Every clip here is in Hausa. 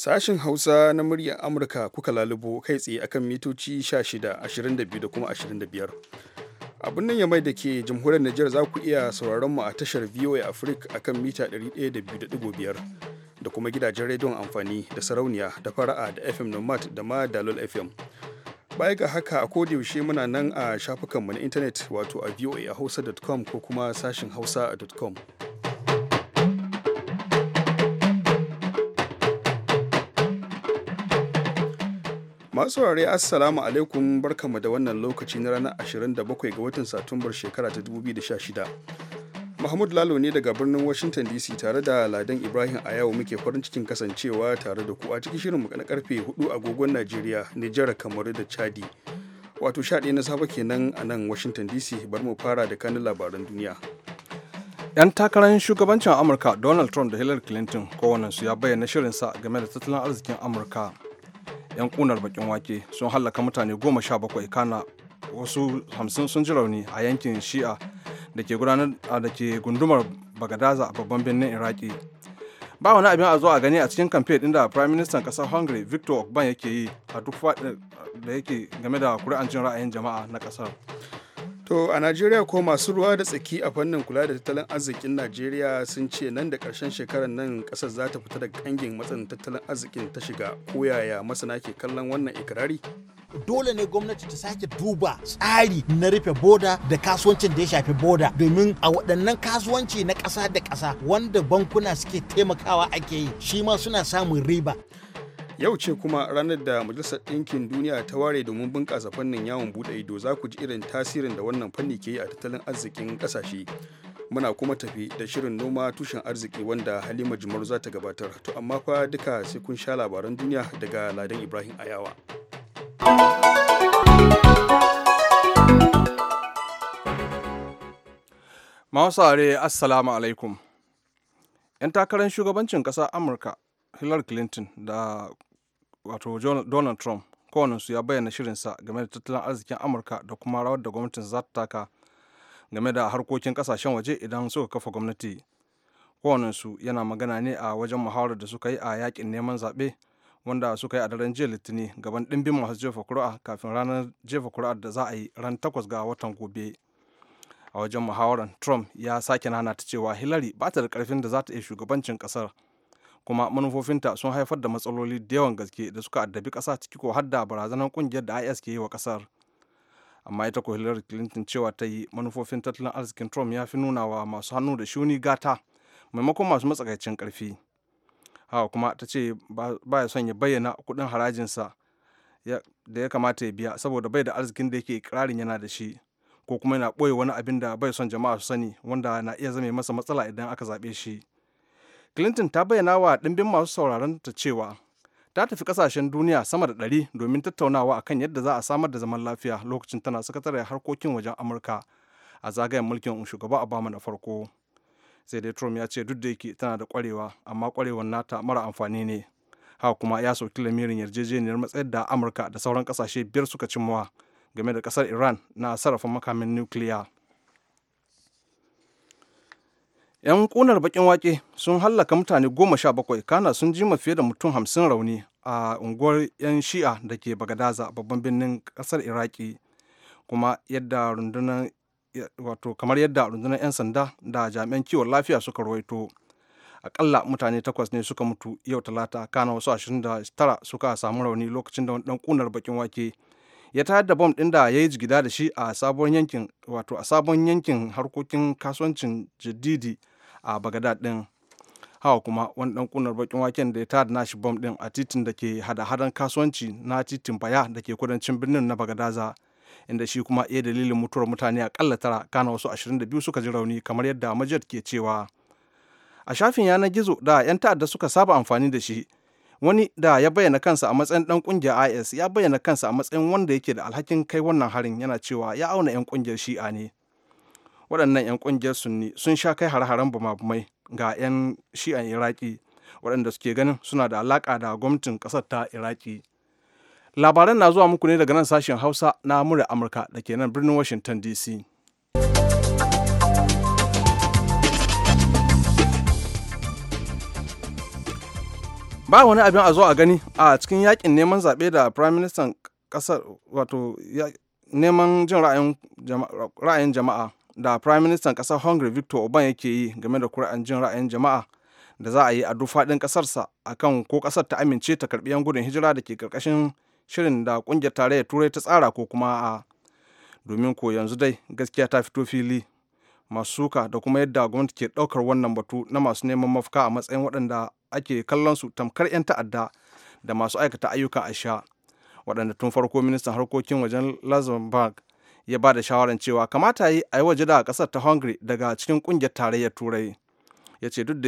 Sashin Hausa na muryar Amurka kuka lalubo kai tsaye akan mitoci 16, 22 da kuma 25. Abin nan ya mai da ke jamhuriyar Nijar za ku iya sauraron mu a tashar VOA Africa akan mita 102.5 da kuma gidajen rediyon amfani da sarauniya da fara'a da FM Nomad da ma Dalol FM. Baya ga haka a yaushe muna nan a shafukanmu na intanet wato a voahausa.com ko kuma sashin hausa.com. masu saurare assalamu alaikum barkamu da wannan lokaci na ranar 27 ga watan satumbar shekara ta 2016 mahmud lalo ne daga birnin washington dc tare da ladan ibrahim a yau muke farin cikin kasancewa tare da ku a cikin shirin na karfe 4 agogon najeriya nijar kamaru da chadi wato ɗaya na safe kenan a nan washington dc bar mu fara da kanin labaran duniya 'yan takarar shugabancin amurka donald trump da hillary clinton su ya bayyana shirinsa game da tattalin arzikin amurka 'yan kunar bakin wake sun hallaka mutane goma sha bakwai kana wasu hamsin sun ji rauni a yankin shi'a da ke gundumar bagadaza a babban birnin iraki ba wani abin a zo a gani a cikin kamfe din da prime minister kasar hungary victor orban yake yi a duk da yake game da kuri'an ra'ayin jama'a na kasar To a Najeriya ko masu ruwa da tsaki a fannin kula da tattalin arzikin Najeriya sun ce nan da karshen shekarar nan kasar za ta fita da ƙangin matsin tattalin arzikin ta shiga koyaya masana ke kallon wannan ikirari. Dole ne gwamnati ta sake duba tsari na rufe boda da kasuwancin da ya shafi boda domin a waɗannan kasuwanci na ƙasa da ƙasa wanda bankuna suke taimakawa ake yi shi ma suna samun riba. yau ce kuma ranar da majalisar ɗinkin duniya ta ware domin bunƙasa fannin yawon buɗe ido za ku ji irin tasirin da wannan fanni ke yi a tattalin arzikin ƙasashe muna kuma tafi da shirin noma tushen arziki wanda halima jimaru za ta gabatar to amma fa duka sai kun sha labaran duniya daga ladan ibrahim ayawa Mawasare Assalamu alaikum. ‘Yan takarar shugabancin ƙasar Amurka Hillary Clinton da wato donald trump kowanensu ya bayyana shirinsa game da tattalin arzikin amurka da kuma rawar da gwamnatin za ta taka game da harkokin kasashen waje idan suka kafa gwamnati kowanensu yana magana ne a wajen muhawarar da suka yi a yakin neman zaɓe wanda suka yi a daren jiya litinin gaban ɗimbin masu jefa kuri'a kafin ranar jefa kuri'ar da za a yi ran takwas ga watan gobe a wajen muhawarar trump ya sake nana ta cewa hillary ba ta da karfin da za ta iya shugabancin ƙasar. kuma manufofinta sun haifar da matsaloli da yawan gaske da suka addabi kasa ciki ko hadda da barazanar ƙungiyar da is ke yi wa ƙasar amma ita ko hillary clinton cewa ta yi manufofin tattalin arzikin trump ya fi nuna wa masu hannu da shuni gata maimakon masu matsakaicin ƙarfi hawa kuma ta ce ba ya son ya bayyana kuɗin harajinsa da ya kamata ya biya saboda bai da arzikin da yake ikirarin yana da shi ko kuma yana ɓoye wani abin da bai son jama'a su sani wanda na iya zame masa matsala idan aka zaɓe shi clinton ta bayyana wa dimbin masu sauraron ta cewa ta tafi kasashen duniya sama da ɗari domin tattaunawa akan yadda za a samar da zaman lafiya lokacin tana sakatare harkokin wajen amurka a zagayen mulkin shugaba obama na farko sai dai trump ya ce duk da yake tana da kwarewa amma kwarewar nata mara amfani ne haka kuma ya sauki lamirin yarjejeniyar matsayar da amurka da sauran kasashe biyar suka cimmawa game da kasar iran na sarrafa makamin nukiliya 'yan kunar bakin wake sun hallaka mutane goma sha bakwai kana sun jima fiye da mutum hamsin rauni a unguwar 'yan shi'a da ke bagadaza babban birnin kasar iraki kuma yadda rundunar wato kamar yadda rundunar 'yan sanda da jami'an kiwon lafiya suka rawaito akalla mutane takwas ne suka mutu yau talata kana wasu tara suka samu rauni lokacin da dan kunar bakin wake ya tayar da bom din da ya yi jigida da shi a sabon yankin wato a sabon yankin harkokin kasuwancin jididi a bagadad din hawa kuma wani dan kunar bakin waken da ya tada nashi bom din a titin da ke hada-hadan kasuwanci na titin baya da ke kudancin birnin na bagadaza inda shi kuma iya dalilin mutuwar mutane akalla tara kana wasu 22 suka ji rauni kamar yadda majiyar ke cewa a shafin yanar gizo da 'yan ta'adda suka saba amfani da shi wani da ya bayyana kansa a matsayin dan kungiyar is ya bayyana kansa a matsayin wanda yake da alhakin kai wannan harin yana cewa ya auna 'yan kungiyar shi'a ne waɗannan 'yan ƙungiyar sunni sun sha kai hare-haren bumabumai ga 'yan shi'an iraki waɗanda suke ganin suna da alaƙa da gwamnatin ƙasar ta iraki labaran na zuwa muku ne daga nan sashen hausa na murya amurka da ke nan birnin washington dc ba wani abin a zo a gani a cikin yakin neman zaɓe da prime minister ƙasar wato neman jin ra'ayin jama'a da Prime Minister kasar Hungary Victor oban yake yi game da kuri'an jin ra'ayin jama'a da za a yi a duk faɗin ƙasarsa akan ko ƙasar ta amince ta karɓi 'yan gudun hijira da ke ƙarƙashin shirin da ƙungiyar tarayyar turai ta tsara ko kuma a domin ko yanzu dai gaskiya ta fito fili masu suka da kuma yadda gwamnati ke ɗaukar wannan batu na masu neman mafaka a matsayin waɗanda ake kallon su tamkar 'yan ta'adda da masu aikata ayyukan asha waɗanda tun farko ministan harkokin wajen luxembourg ya ba da shawaran cewa kamata yi a yi waje da kasar ta hungary daga cikin kungiyar tarayyar turai ya ce duk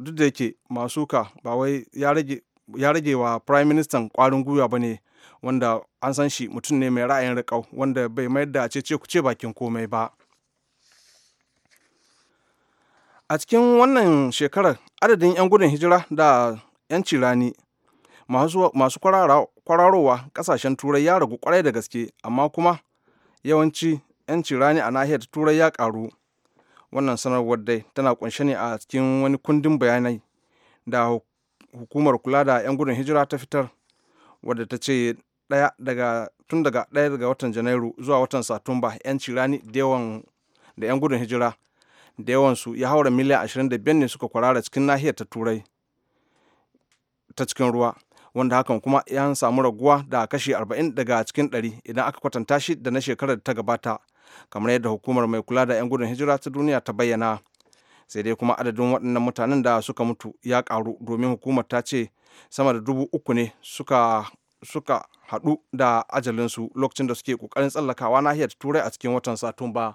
da yake masu ka ba wai ya rage wa prime minister kwarin gwiwa ba ne wanda an san shi mutum ne mai ra'ayin riƙau wanda bai mayar da ce ce bakin komai ba a cikin wannan shekarar adadin 'yan gudun hijira da 'yan cirani masu kwararowa kasashen turai ya ragu kwarai da gaske amma kuma yawanci 'yancin rani a nahiyar turai ya karu wannan sanarwar dai tana kunshe ne a cikin wani kundin bayanai da hukumar kula da 'yan gudun hijira ta fitar wadda ta ce tun daga ɗaya daga watan janairu zuwa watan satumba 'yanci rani da 'yan gudun hijira da yawansu ya haura miliyan 25 ne suka kwarara cikin nahiyar ta turai ta cikin ruwa wanda hakan kuma ya samu raguwa da kashi 40 daga cikin 100 idan aka kwatanta shi da na shekarar da ta gabata kamar yadda hukumar mai kula da 'yan gudun hijira ta duniya ta bayyana sai dai kuma adadin waɗannan mutanen da suka mutu ya ƙaru domin hukumar ta ce sama da dubu uku ne suka haɗu da ajalinsu lokacin da suke ƙoƙarin tsallakawa nahiyar turai a cikin watan satumba.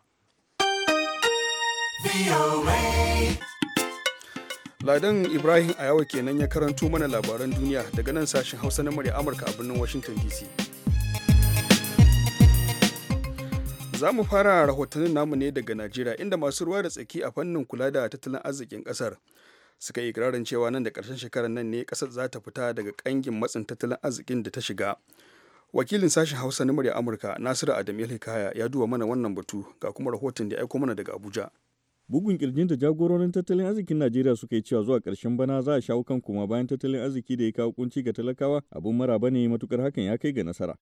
Ladan Ibrahim Ayawa kenan ya karanto mana labaran duniya daga nan sashen Hausa na murya Amurka a birnin Washington DC. Za mu fara rahotannin namu ne daga Najeriya inda masu ruwa da tsaki a fannin kula da tattalin arzikin kasar suka yi ikirarin cewa nan da ƙarshen shekarar nan ne ƙasar za ta fita daga ƙangin matsin tattalin arzikin da ta shiga. Wakilin sashen Hausa na murya Amurka Nasiru Adam Hikaya ya duba mana wannan batu ga kuma rahoton da ya aiko mana daga Abuja. bugun kirjin da jagororin tattalin arzikin najeriya suka yi cewa zuwa ƙarshen bana za a shawo kan kuma bayan tattalin arziki da ya kawo kunci ga talakawa abun maraba ne matukar hakan ya kai ga nasara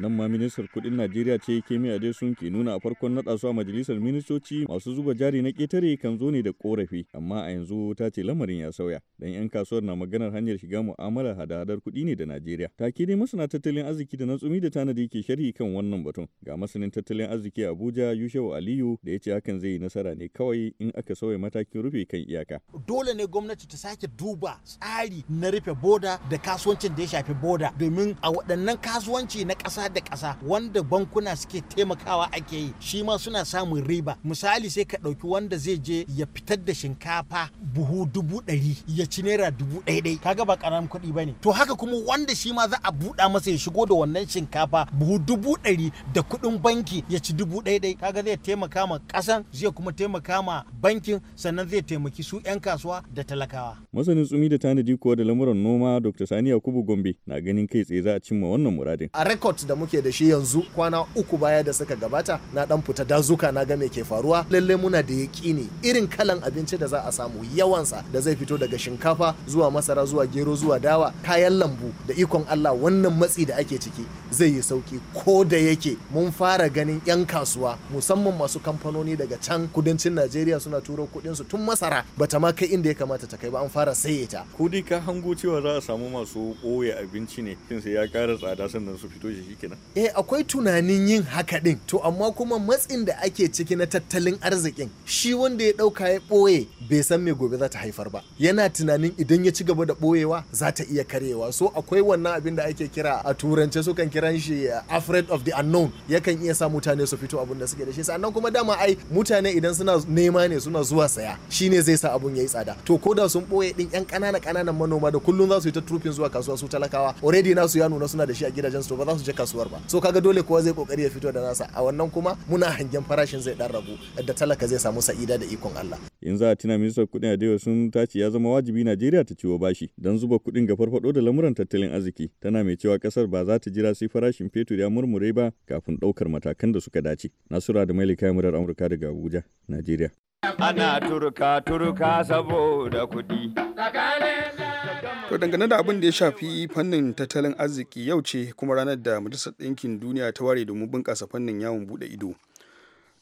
nan ma ministar kudin najeriya ce kemi sun ke nuna a farkon naɗa su a majalisar ministoci masu zuba jari na ketare kan zo ne da korafi amma a yanzu ta ce lamarin ya sauya dan yan kasuwar na maganar hanyar shiga mu'amalar hada-hadar kuɗi ne da najeriya ta take dai masana tattalin arziki da na da tanadi ke sharhi kan wannan batun ga masanin tattalin arziki abuja yushau aliyu da ya ce hakan zai yi nasara ne kawai in aka sauya matakin rufe kan iyaka dole ne gwamnati ta sake duba tsari na rufe boda da kasuwancin da ya shafi boda domin a waɗannan kasuwanci na ƙasa da ƙasa wanda bankuna suke taimakawa ake yi shi ma suna samun riba misali sai ka ɗauki wanda zai je ya fitar da shinkafa buhu dubu ɗari ya ci naira dubu ɗaiɗai kaga ba ƙaramin kuɗi ba ne to haka kuma wanda shi ma za a buɗa masa ya shigo da wannan shinkafa buhu dubu ɗari da kuɗin banki ya ci dubu ɗaiɗai kaga zai taimaka ma ƙasan zai kuma taimaka ma bankin sannan zai taimaki su 'yan kasuwa da talakawa. Masanin tsumi da tanadi kuwa da lamuran noma Dr. Sani Yakubu Gombe na ganin kai tsaye za a cimma wannan muradin. A records da muke da shi yanzu kwana uku baya da suka gabata na dan fita dazuka na ga me ke faruwa lalle muna da yakini irin kalan abinci da za a samu yawansa da zai fito daga shinkafa zuwa masara zuwa gero zuwa dawa kayan lambu da ikon Allah wannan matsi da ake ciki zai yi sauki ko da yake mun fara ganin 'yan kasuwa musamman masu kamfanoni daga can kudancin Najeriya suna turo kuɗin su tun masara bata ma kai inda ya kamata ta kai ba an fara saye ta. Ko dai ka hango cewa za a samu masu ɓoye abinci ne kinsa ya ƙara tsada sannan su fito shi kenan eh akwai tunanin yin haka din to amma kuma matsin da ake ciki na tattalin arzikin shi wanda ya dauka ya boye bai san me gobe za ta haifar ba yana tunanin idan ya ci gaba da boyewa za ta iya karewa so akwai wannan abin da ake kira a turance sukan kiran shi eh, afraid of the unknown yakan iya sa mutane su fito abin da suke da shi sannan kuma dama ai mutane idan suna nema ne suna zuwa saya shine zai sa abun yayi tsada to koda sun boye din yan kanana kananan manoma da kullun za su yi ta trupin zuwa kasuwa su talakawa already nasu ya nuna suna da shi a gidajen su ba za su je kasuwa kasuwar ba so kaga dole kowa zai kokari ya fito da nasa a wannan kuma muna hangen farashin zai dan ragu da talaka zai samu sa'ida da ikon Allah in za a tuna ministan kudin adewa sun tace ya zama wajibi Najeriya ta ciwo bashi dan zuba kudin ga farfado da lamuran tattalin arziki tana mai cewa kasar ba za ta jira sai farashin fetur ya murmure ba kafin daukar matakan da suka dace Nasura da Mailika Murar Amurka daga Abuja Najeriya ana turka turka saboda kudi To dangane da abin da ya shafi fannin tattalin arziki yau ce kuma ranar da Majalisar Ɗinkin Duniya ta ware domin bunƙasa fannin yawon buɗe ido.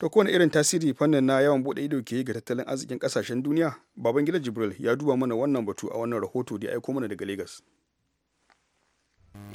To kowane irin tasiri fannin na yawon buɗe ido ke yi ga tattalin arzikin ƙasashen duniya? Babangida Jibril ya duba mana wannan batu a wannan rahoto da ya aiko mana daga Legas.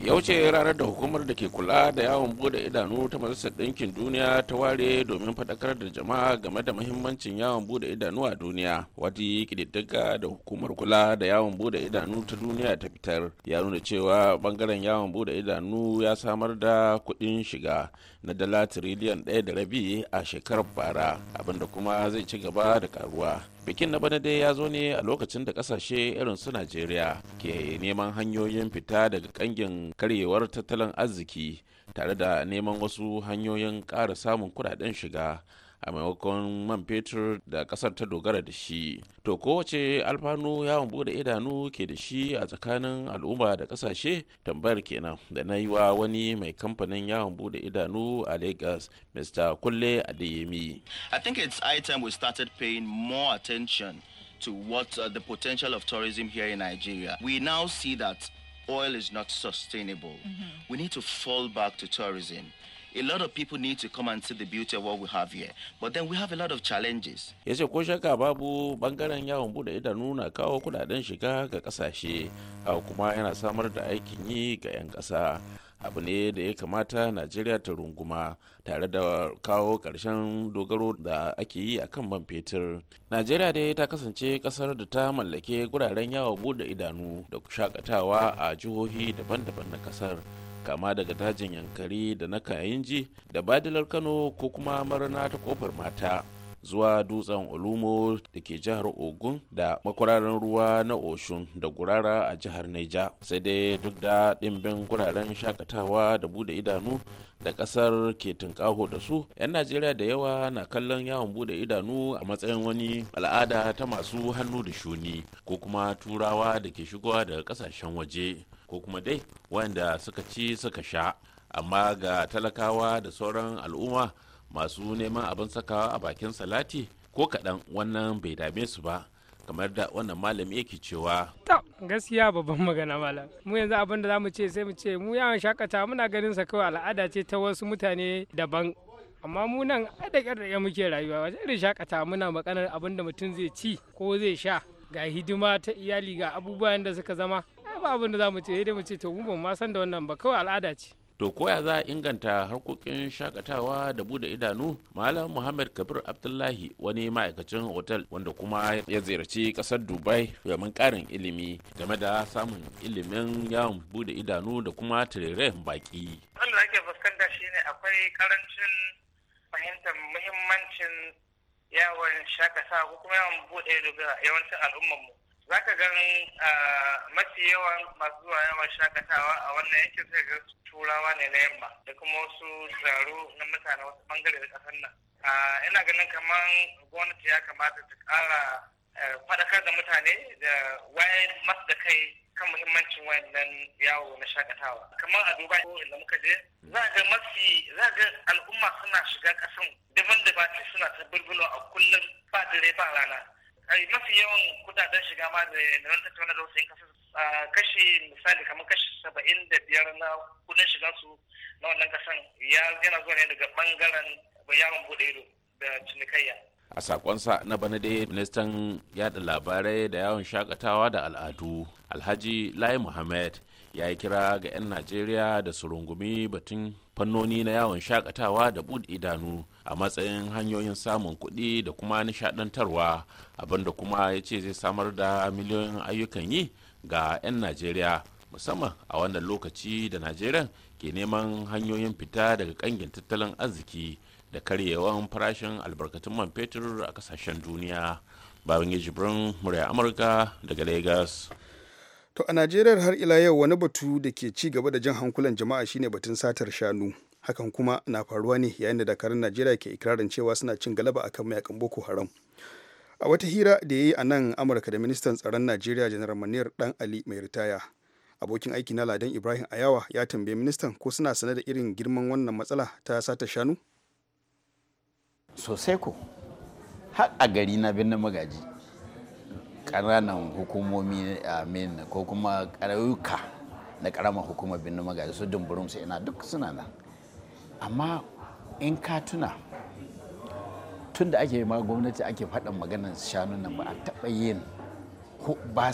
yau ce ranar da hukumar da ke kula da yawon bude idanu ta majalisar ɗinkin duniya ta ware domin faɗakar da jama'a game da mahimmancin yawon bude idanu a duniya wata ƙididdiga da hukumar kula da yawon bude idanu ta duniya ta fitar ya nuna cewa bangaren yawon bude idanu ya samar da kuɗin shiga na dala tiriliyan ɗaya da rabi a shekarar bara abinda kuma zai ci gaba da karuwa bikin na bana dai ya zo ne a lokacin da kasashe irin su najeriya ke neman hanyoyin fita daga kangin karyewar tattalin arziki tare da neman wasu hanyoyin ƙara samun kudaden shiga a maimakon man fetur da kasar ta dogara da shi to kowace alfanu yawon bude idanu ke da shi a tsakanin al'umma da kasashe tambayar kenan da na yi wa wani mai kamfanin yawon bude idanu a lagos mr kulle adeyemi i think it's item we started paying more attention to what uh, the potential of tourism here in nigeria we now see that oil is not sustainable mm -hmm. we need to fall back to tourism a lot of people need to come and see the beauty of what we have here but then we have a lot of challenges ya ce ko shaka babu bangaren yawon bude idanu na kawo kudaden shiga ga kasashe kuma yana samar da aikin yi ga 'yan kasa abu ne da ya kamata najeriya ta runguma tare da kawo karshen dogaro da ake yi a kan man fetur najeriya dai ta kasance ƙasar da ta mallake guraren yawon bude idanu da shakatawa a jihohi daban-daban na ƙasar kama daga dajin yankari da na kayan ji da badilar kano ko kuma marana ta kofar mata zuwa dutsen olumo da ke jihar ogun da makwararin ruwa na oshun da gurara a jihar neja sai dai duk da ɗimbin guraren shakatawa da bude idanu da kasar ke tunƙaho da su 'yan najeriya da yawa na kallon yawon bude idanu a matsayin wani al'ada ta masu hannu da shuni ko kuma turawa da ke shigowa daga kasashen waje ko kuma dai wanda suka ci suka sha amma ga talakawa da sauran al'umma masu neman abin sakawa a bakin salati ko kaɗan wannan bai dame su ba kamar da wannan malami yake cewa ta gaskiya babban magana malam mu yanzu abin da zamu ce sai mu ce mu yawan shakata muna ganin sa kawai al'ada ce ta wasu mutane daban amma mu nan da ƙarƙe muke rayuwa wajen irin shakata muna maganar abin da mutum zai ci ko zai sha ga hidima ta iyali ga abubuwan da suka zama ba abin da zamu ce sai mu ce to mu ban ma san da wannan ba kawai al'ada ce to koya za a inganta harkokin shakatawa da bude idanu malam muhammad kabir abdullahi wani ma'aikacin otal wanda kuma ya ziyarci kasar dubai domin karin ilimi game da samun ilimin yawon bude idanu da kuma tirirayen baki ake fuskanta shine akwai karancin fahimtar muhimmancin yawon shakatawa ko kuma yawon bude yawancin al'ummarmu za ka ganin mafi yawan masu zuwa yawan shakatawa a wannan yankin sai ga turawa ne na yamma da kuma wasu tsaro na mutane wasu bangare da kasar nan ina ganin kamar gwamnati ya kamata ta kara faɗakar da mutane da wayar masu da kai kan muhimmancin wayannan yawo na shakatawa kamar a duba inda muka je za ga mafi za ga al'umma suna shiga kasan daban-daban suna ta bulbulo a kullum ba dare ba rana mafi yawan kudaden shiga ma da nan tattauna da wasu in kashi misali kamar kashi saba'in da biyar na kudin shiga su na wannan kasan ya yana zuwa ne daga bangaren yawon bude ido da cinikayya a sakonsa na bana dai ministan yada labarai da yawon shakatawa da al'adu alhaji lai muhammad ya yi kira ga 'yan najeriya da su rungumi batun fannoni na yawon shakatawa da bud idanu a matsayin hanyoyin samun kuɗi da kuma nishaɗantarwa abinda kuma ya ce zai samar da miliyoyin ayyukan yi ga 'yan najeriya musamman a wannan lokaci da najeriya ke neman hanyoyin fita daga kangin tattalin arziki da karyewan farashin albarkatun man fetur a kasashen duniya babin jibrin murya amurka daga lagos to a najeriya har ila yau wani batu da ke ci gaba da jan hankulan jama'a shine batun satar shanu hakan kuma na faruwa ne yayin da dakarun najeriya ke ikirarin cewa suna cin galaba akan mayakan boko haram a wata hira da ya yi a nan amurka da ministan tsaron najeriya janar maniyar dan ali mai ritaya abokin aiki na ladan ibrahim ayawa ya tambaye ministan ko suna sane da irin girman wannan matsala ta sata shanu sosai ko har a gari na birnin magaji ƙananan hukumomi eh, a ko kuma ƙarauka na ƙaramar hukumar birnin magaji su dumburum su ina duk suna nan amma in ka tuna tun da ake ma gwamnati ake faɗin maganar shanun nan ba a taɓa yin ko ba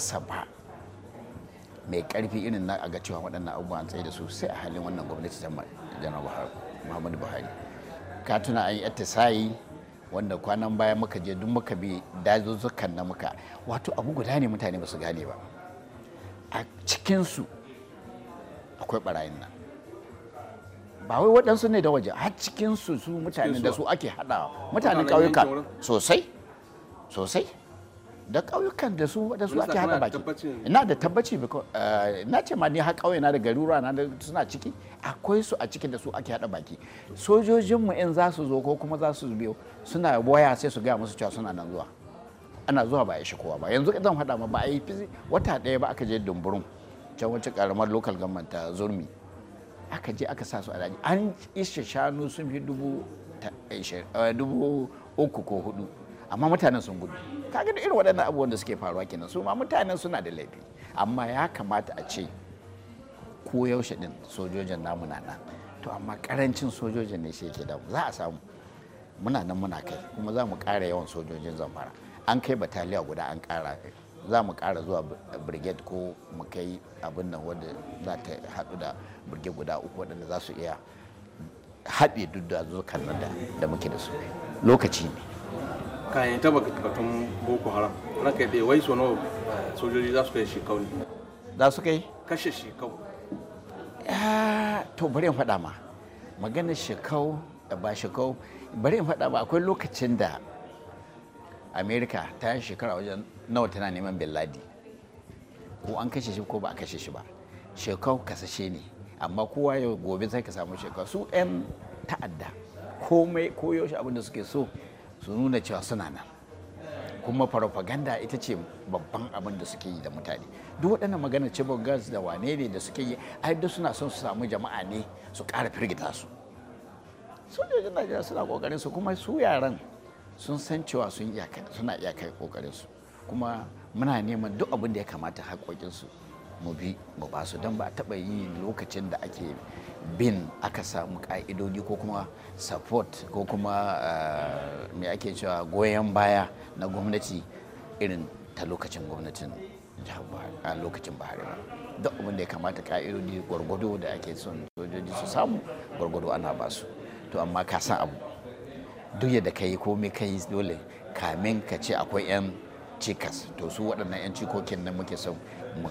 mai ƙarfi irin na aga cewa waɗannan abubuwan tsaye da su sai a halin wannan gwamnati ta janar muhammadu buhari ka tuna an yi atisayi wanda kwanan baya muka je duk muka bi dazuzzukan na muka wato abu guda ne mutane ba su gane ba a cikinsu akwai barayin nan ba wai waɗansu ne da waje har cikin su su mutane da su ake hada mutanen ƙauyuka sosai sosai da ƙauyukan da su da su ake hada baki ina da tabbaci eh, na ce ma ni har ƙauye na da garura na da suna ciki akwai su a cikin da su ake hada baki sojojinmu in za su zo ko kuma za su biyo suna waya sai su ga musu cewa suna nan zuwa ana zuwa ba ya shi kowa ba yanzu zan hada ma ba a yi wata ɗaya ba aka je dumburun can wacce karamar local government ta zurmi aka je aka sa su a daji an ishe shanu sun fi dubu eh, uku ko hudu amma mutanen sun gudu kaga da irin waɗannan abubuwan da suke faruwa kenan su ma mutanen suna da laifi amma ya kamata a ce ko yaushe din sojojin namu na nan to amma karancin sojojin ne shi yake da za a samu muna nan muna kai kuma za mu ƙara yawan sojojin zamfara an kai bataliya guda an ƙara za mu ƙara zuwa brigade ko mu kai abin nan wanda za ta haɗu da burge guda uku waɗanda za su iya haɗe duk da zukan nan da muke da su lokaci ne kayan ta batun boko haram ranka dai wai sono eh, sojoji za su kai shekau ne za su kai kashe shekau ah, to bari in faɗa ma maganar shekau da ba shekau bari in faɗa ba akwai lokacin da amerika ta yi shekara wajen nawa tana neman bin ladi ko an kashe shi ko ba a kashe shi ba shekau kasashe ne amma kowa ya gobe sai ka samu shekaru su 'yan ta'adda komai koyaushe abin da suke so su nuna cewa suna nan kuma propaganda ita ce babban abin da suke yi da mutane duk waɗanda magana ce gas da wane ne da suke yi ai duk suna son su samu jama'a ne su ƙara firgita su sojojin najeriya suna ƙoƙarin su kuma su yaran sun san cewa suna kai ƙoƙarin su kuma muna neman duk abin da ya kamata haƙoƙinsu su mu bi mu ba su don ba a taɓa yi lokacin da ake bin aka samu ƙa'idodi ko kuma support ko kuma eh, me ake cewa goyon baya na gwamnati irin ta lokacin gwamnatin a lokacin bahari ba duk abin da ya kamata ƙa'idodi gwargwado da ake son sojoji su samu gwargwado ana ba su to amma ka san abu duk yadda ka yi komai ka yi dole kamin ka ce akwai 'yan cikas to su waɗannan 'yan cikokin nan muke son mu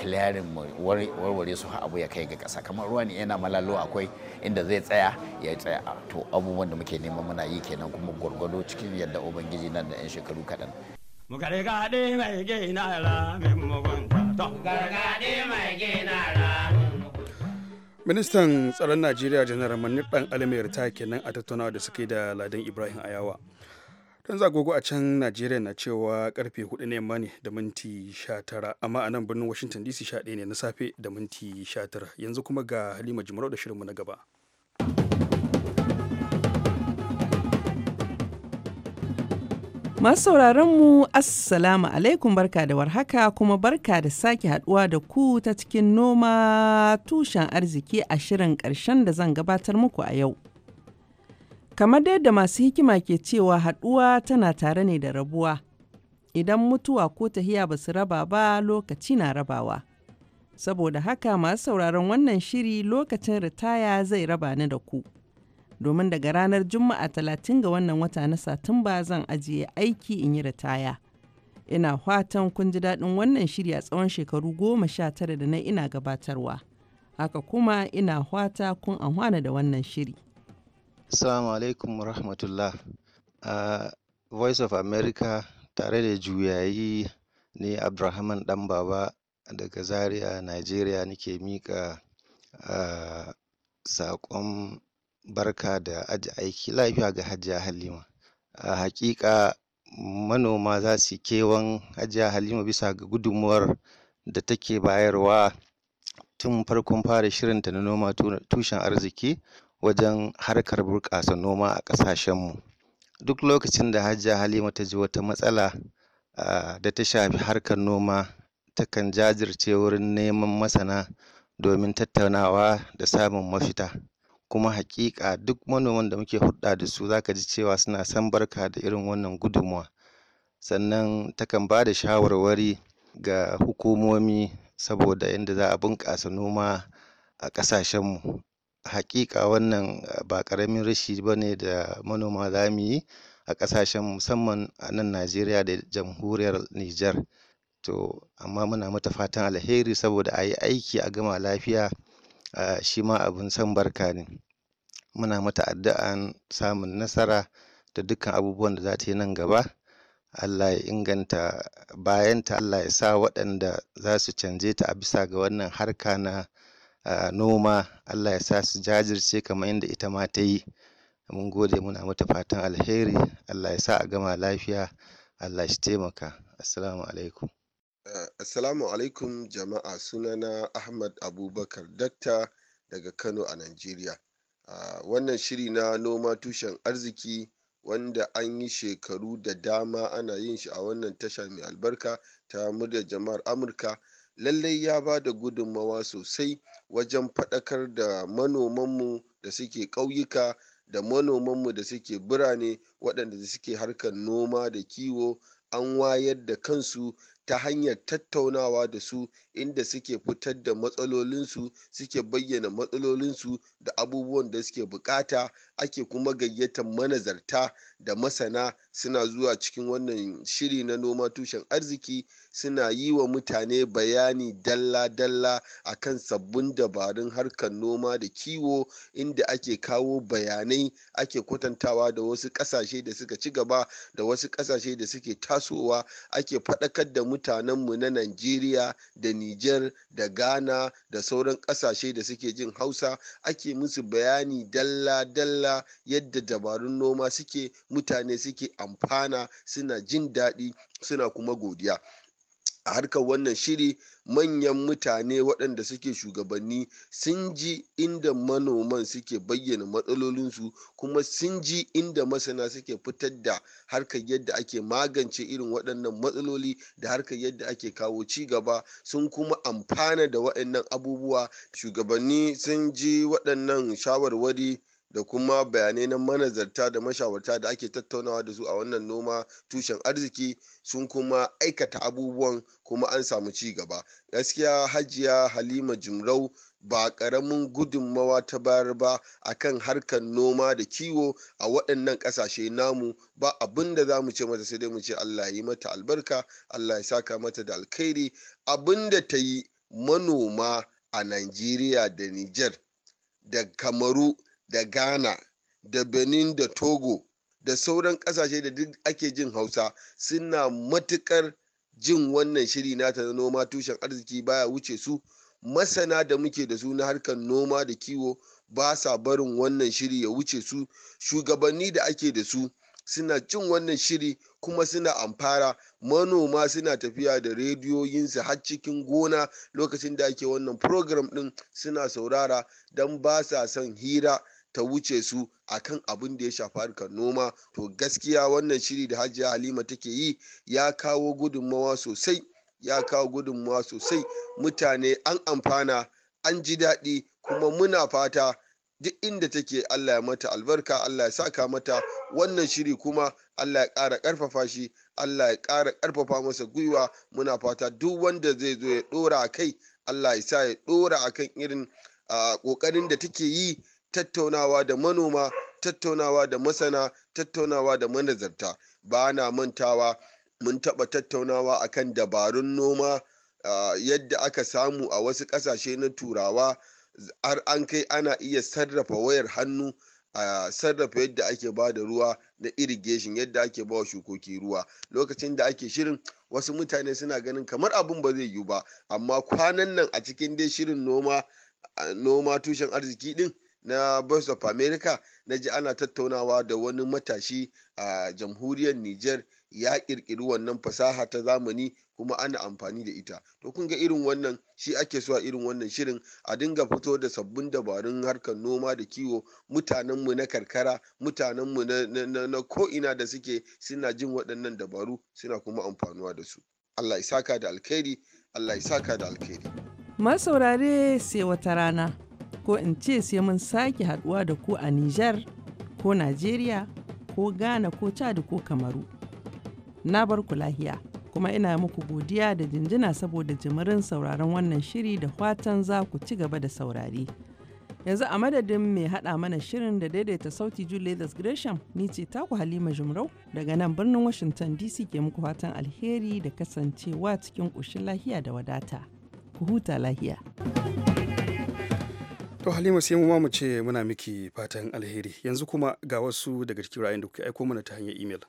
clearing mu warware su abu ya kai ga ƙasa kamar ruwa yana malalo akwai inda zai tsaya ya tsaya to abubuwan da muke nema muna yi kenan kuma gwargwado cikin yadda ubangiji nan da 'yan shekaru kaɗan gargaɗe mai gina ra mai mugunta to mai gina ra ministan tsaron najeriya janar manir dan almayar ta kenan a tattaunawa da suke da ladan ibrahim ayawa yanzu agogo a can najeriya na cewa karfe 4 ne mani da minti 19 amma a nan birnin washington dc 11 ne na safe da minti 19 yanzu kuma ga halima jimarau da shirinmu na gaba Masu sauraronmu mu Assalamu alaikum barka da warhaka kuma barka da sake haduwa da ku ta cikin noma tushen arziki a shirin karshen da zan gabatar muku a yau. Kamar yadda masu hikima ke cewa haɗuwa tana tare ne da rabuwa, idan mutuwa ko tahiya ba su raba ba lokaci na rabawa. Saboda haka masu sauraron wannan shiri lokacin ritaya zai raba ni da ku. Domin daga ranar Juma'a talatin ga wannan wata na Satumba zan ajiye aiki in yi ritaya. Ina fatan kun ji daɗin wannan shiri a tsawon shekaru goma sha tara da na ina gabatarwa. Haka kuma ina fata kun amfana da wannan shiri. Assalamu alaikum warahmatullah. Uh, Voice of America tare da juyayi ne Abdulrahman ɗan baba daga Zaria, Najeriya nake miƙa uh, saƙon barka da aji aiki lafiya ga Hajiya Halima. A uh, haƙiƙa manoma za su kewan Hajiya Halima bisa ga gudunmuwar da take bayarwa tun farkon fara shirinta na noma tushen arziki wajen harkar bunƙasa noma a ƙasashenmu. Duk lokacin da Hajiya Halima ta ji wata matsala da ta shafi harkar noma takan jajirce wurin neman masana domin tattaunawa da samun mafita. Kuma haƙiƙa duk manoman da muke hulɗa da su zaka ji cewa suna son barka da irin wannan gudunmawa. Sannan takan ba da shawarwari ga hukumomi saboda yadda za a bunƙasa noma a ƙasashenmu. haƙiƙa wannan eh, ba ƙaramin rashi ba ne da manoma za mu yi a ƙasashen musamman a nan Najeriya da jamhuriyar Nijar. To amma muna mata fatan alheri saboda a yi aiki a gama lafiya shi ma abin san barka ne. Muna mata addu'an samun nasara da dukkan abubuwan da za ta yi nan gaba. Allah ya inganta bayanta, Allah ya sa waɗanda za su canje ta a bisa ga wannan harka na noma Allah ya sa su jajirce kamar yadda ita ma ta yi mun gode muna mata fatan alheri Allah ya sa a gama lafiya Allah shi taimaka assalamu alaikum assalamu alaikum jama'a sunana Ahmad Abubakar Dakta daga Kano a Najeriya wannan shiri na noma tushen arziki wanda an yi shekaru da dama ana yin shi a wannan tasha mai albarka ta muryar jama'ar amurka lallai ya ba da gudunmawa sosai wajen faɗakar da manomanmu da suke ƙauyuka da manomanmu da suke birane waɗanda suke harkar noma da kiwo an wayar da kansu ta hanyar tattaunawa da su inda suke fitar da matsalolinsu suke bayyana matsalolinsu da abubuwan da suke bukata ake kuma gayyatar manazarta da masana suna zuwa cikin wannan shiri na noma tushen arziki suna yi wa mutane bayani dalla-dalla akan sabbin dabarun harkar noma da kiwo inda ake kawo bayanai ake kwatantawa da wasu ƙasashe da suka ci gaba da wasu ƙasashe da suke tasowa ake faɗakar da mutanenmu na Najeriya da Nijar da Ghana da sauran ƙasashe da suke jin Hausa ake musu bayani dalla-dalla yadda yadda dabarun noma suke mutane suke amfana suna jin daɗi suna kuma godiya a harkar wannan shiri manyan mutane waɗanda suke shugabanni sun ji inda manoman suke bayyana matsalolinsu kuma sun ji inda masana suke fitar da harkar yadda ake magance irin waɗannan matsaloli da harkar yadda ake kawo ci gaba sun kuma amfana da waɗannan abubuwa shugabanni sun ji waɗannan shawarwari da kuma bayanai na manazarta da mashawarta da ake tattaunawa da su a wannan noma tushen arziki sun kuma aikata abubuwan kuma an samu ci gaba gaskiya hajiya halima jimrau ba ƙaramin gudunmawa ta bayar ba a kan harkar noma da kiwo a waɗannan ƙasashe namu ba abin da za mu ce mata sai dai mu ce allah ya yi mata albarka allah ya saka mata da alkhairi abin da ta yi manoma a najeriya da niger da kamaru da ghana da benin da togo da sauran kasashe da duk ake jin hausa suna matukar jin wannan shiri nata na noma tushen arziki baya wuce su masana da muke da su na harkar noma da kiwo ba sa barin wannan shiri ya wuce su shugabanni da ake da su suna cin wannan shiri kuma suna amfara manoma suna tafiya da rediyoyinsu har cikin gona lokacin da ake wannan program din suna saurara don ba sa son hira ta wuce su akan abin da ya shafa harkar noma to gaskiya wannan shiri da hajiya halima take yi ya kawo gudunmawa sosai ya kawo gudunmawa sosai mutane an amfana an ji daɗi kuma muna fata duk inda take allah ya mata albarka allah ya saka mata wannan shiri kuma allah ya ƙara ƙarfafa shi allah ya ƙara karfafa masa gwiwa muna fata duk wanda zai zo ya dora a kai allah ya sa ya ɗora a kan irin ƙoƙarin da take yi tattaunawa da manoma tattaunawa da masana tattaunawa da manazarta ba na mantawa mun taɓa tattaunawa a kan dabarun noma yadda aka samu a wasu ƙasashe na turawa har an kai ana iya sarrafa wayar hannu a sarrafa yadda ake ba da ruwa na irrigation yadda ake ba wa shukoki ruwa lokacin da ake shirin wasu mutane suna ganin kamar abin ba zai yiwu ba amma kwanan nan a cikin dai shirin noma noma tushen arziki din na voice of america na ji ana tattaunawa da wani matashi a jamhuriyar niger ya kirkiri wannan fasaha ta zamani kuma ana amfani da ita to kun ga irin wannan shi ake so a irin wannan shirin a dinga fito da sabbin dabarun harkar noma da kiwo mutanenmu na karkara mutanenmu na ko'ina da suke suna jin waɗannan dabaru suna kuma amfanuwa da su allah isaka da alkhairi allah isaka da alkhairi masaurare sai wata rana ko in ce sai mun sake haduwa da ku a Nijar ko Najeriya ko Ghana ko Chad ko Kamaru. Na bar ku lahiya kuma ina muku godiya da jinjina saboda jimirin sauraron wannan shiri da fatan za ku ci gaba da saurari. Yanzu a madadin mai hada mana shirin da daidaita sauti Julius Gresham ni ce taku Halima Jumrau daga nan birnin Washington DC ke muku fatan alheri da kasancewa cikin ƙoshin lahiya da wadata. Ku huta lahiya. To Halima sai mu ma mu ce muna miki fatan alheri. Yanzu kuma ga wasu daga cikin ra'ayin da kuke aiko mana ta hanyar imel.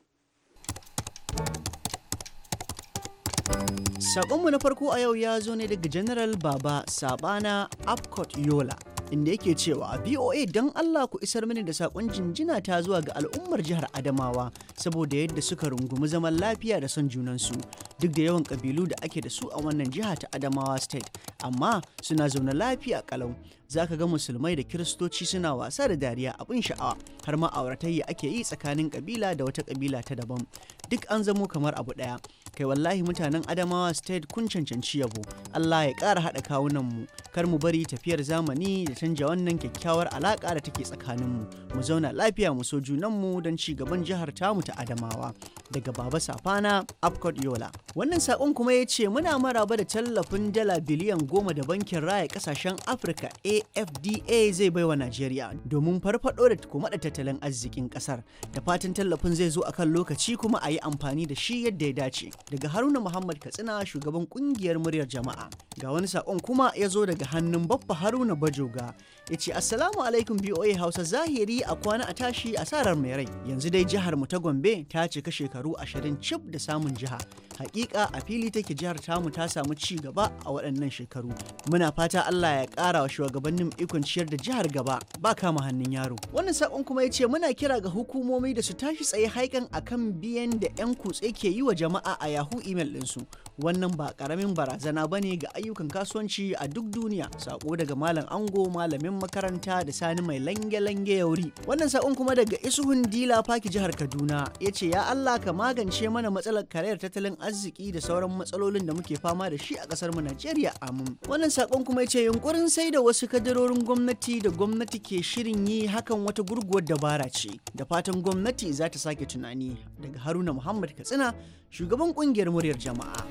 Saƙonmu na farko a yau ya zo ne daga General Baba Sabana Apcot Yola inda yake cewa VOA don Allah ku isar mini da sakon jinjina ta zuwa ga al'ummar jihar Adamawa saboda yadda suka rungumi zaman lafiya da son junansu duk da yawan kabilu da ake da su a wannan jiha ta Adamawa State amma suna zaune lafiya kalau zaka ga musulmai da kiristoci suna wasa da dariya abin sha'awa har ma auratayya ake yi tsakanin kabila da wata kabila ta daban duk an zamo kamar abu daya kai wallahi mutanen adamawa state kun cancanci yabo allah ya ƙara haɗa kawunan mu kar mu bari tafiyar zamani da canja wannan kyakkyawar alaƙa da take tsakanin mu mu zauna lafiya mu so junan mu. don ci gaban jihar tamu ta adamawa daga baba safana apcot yola wannan saƙon kuma ya ce muna maraba da tallafin dala biliyan goma da bankin raya ƙasashen afirka afda zai baiwa najeriya domin farfaɗo da kuma da tattalin arzikin ƙasar da fatan tallafin zai zo akan lokaci kuma a yi amfani da shi yadda ya dace daga Haruna Muhammad Katsina shugaban kungiyar muryar jama'a. Ga wani sakon kuma ya zo daga hannun Baffa Haruna Bajoga ya ce Assalamu alaikum BOA Hausa zahiri a kwana a tashi asarar mai rai. Yanzu dai jihar mu ta Gombe ta ce ka shekaru ashirin cif da samun jiha. Hakika a fili take jihar tamu ta samu ci gaba a waɗannan shekaru. Muna fata Allah ya ƙara wa shugabannin ikon ciyar da jihar gaba ba kama hannun yaro. Wannan sakon kuma ya ce muna kira ga hukumomi da su tashi tsaye haikan akan biyan da 'yan kutse ke yi wa jama'a a yahoo email ɗinsu wannan ba ƙaramin barazana ba ne ga ayyukan kasuwanci a duk duniya sako daga malam ango malamin makaranta da sani mai lange-lange yauri wannan sakon kuma daga isuhun dila faki jihar kaduna ya ce ya allah ka magance mana matsalar karayar tattalin arziki da sauran matsalolin da muke fama da shi a ƙasar mu najeriya amin wannan sakon kuma ya ce yunkurin sai da wasu kadarorin gwamnati da gwamnati ke shirin yi hakan wata gurguwar dabara ce da fatan gwamnati za ta sake tunani daga haruna muhammad katsina shugaban kungiyar muryar jama'a.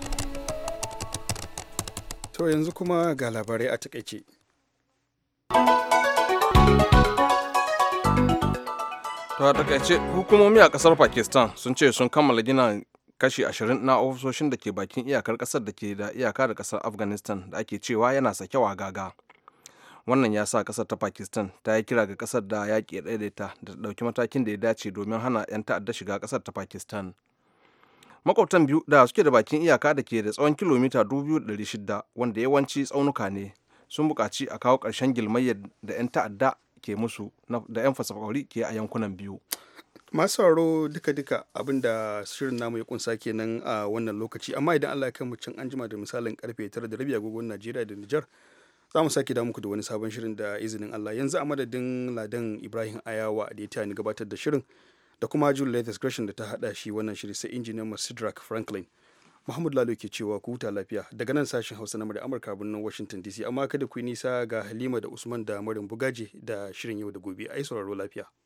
To yanzu kuma ga labarai a takaice. To a takaice hukumomi a kasar Pakistan sun ce sun kammala gina kashi ashirin na ofisoshin da ke bakin iyakar kasar da ke da iyaka da kasar Afghanistan da ake cewa yana sakewa gaga. Wannan ya sa kasar ta Pakistan ta yi kira ga kasar da yaƙi daidaita da ta ɗauki matakin da ya dace domin hana 'yan ta'adda shiga kasar ta Pakistan. makwabtan biyu da suke da bakin iyaka da ke da tsawon kilomita 2,600 wanda yawanci tsaunuka ne sun buƙaci a kawo ƙarshen gilmayyar da 'yan ta'adda ke musu da 'yan fasafari ke a yankunan biyu masu sauraro duka-duka abinda shirin namu ya kunsa kenan a wannan lokaci amma idan allah ya kai mu can anjima da misalin karfe tara da rabi agogon najeriya da nijar za mu sake da muku da wani sabon shirin da izinin allah yanzu a madadin ladan ibrahim ayawa da ya taya gabatar da shirin da kuma Jule Latest Gresham da ta haɗa shi wannan shiri sai injiniyan Masidrak Franklin. Muhammad Lalo ke cewa ku huta lafiya daga nan sashen Hausa na murya Amurka birnin Washington DC amma kada ku yi nisa ga Halima da Usman da Marin Bugaje da shirin yau da gobe ai sauraro lafiya.